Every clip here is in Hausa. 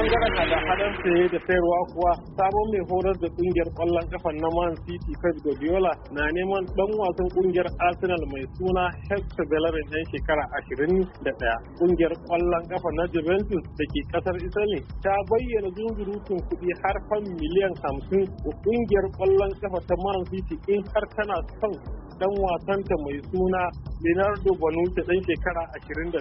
na da hadar saye da sayarwa kuwa sabon mai horar da ƙungiyar kwallon kafan na man city pep guardiola na neman ɗan wasan ƙungiyar arsenal mai suna hector bellerin ɗan shekara ashirin da ɗaya. ƙungiyar ƙwallon kafa na juventus da ke ƙasar italy ta bayyana zungurutun kuɗi har fan miliyan hamsin wa kungiyar kwallon kafa ta man city in har tana son dan ta mai suna Leonardo Bonucci dan shekara 29.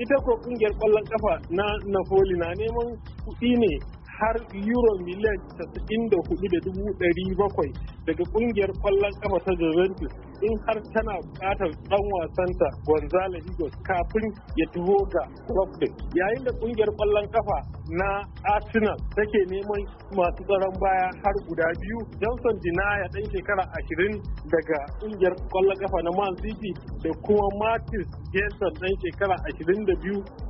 Ita ko kungiyar kwallon kafa na Napoli na neman kuɗi ne har euro miliyan 94,700 daga kungiyar kwallon ƙafa ta Juventus in har tana bukatar dan wasanta Gonzalo Higos kafin ya tuho ga club yayin da kungiyar kwallon kafa na Arsenal take neman masu tsaron baya har guda biyu Johnson Dinaya dan shekara 20 daga kungiyar kwallon kafa na Man City da kuma Martins Jensen dan shekara 22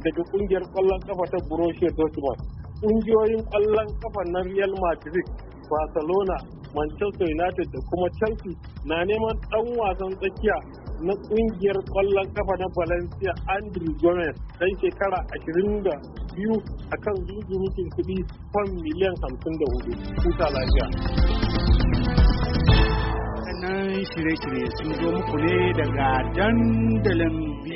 daga kungiyar kwallon kafa ta Borussia Dortmund kungiyoyin kwallon kafa na Real Madrid, Barcelona, Manchester United da kuma Chelsea na neman ɗan wasan tsakiya na kungiyar kwallon kafa na Valencia Andrew Gomez dan shekara 22 kan zuzurutun kuɗi kwan miliyan 54. Kuta lafiya. Wannan shirye-shirye sun zo muku ne daga dandalin